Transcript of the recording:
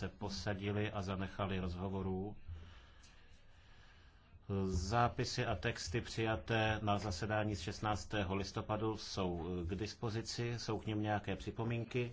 se posadili a zanechali rozhovorů. Zápisy a texty přijaté na zasedání z 16. listopadu jsou k dispozici, jsou k nim nějaké připomínky.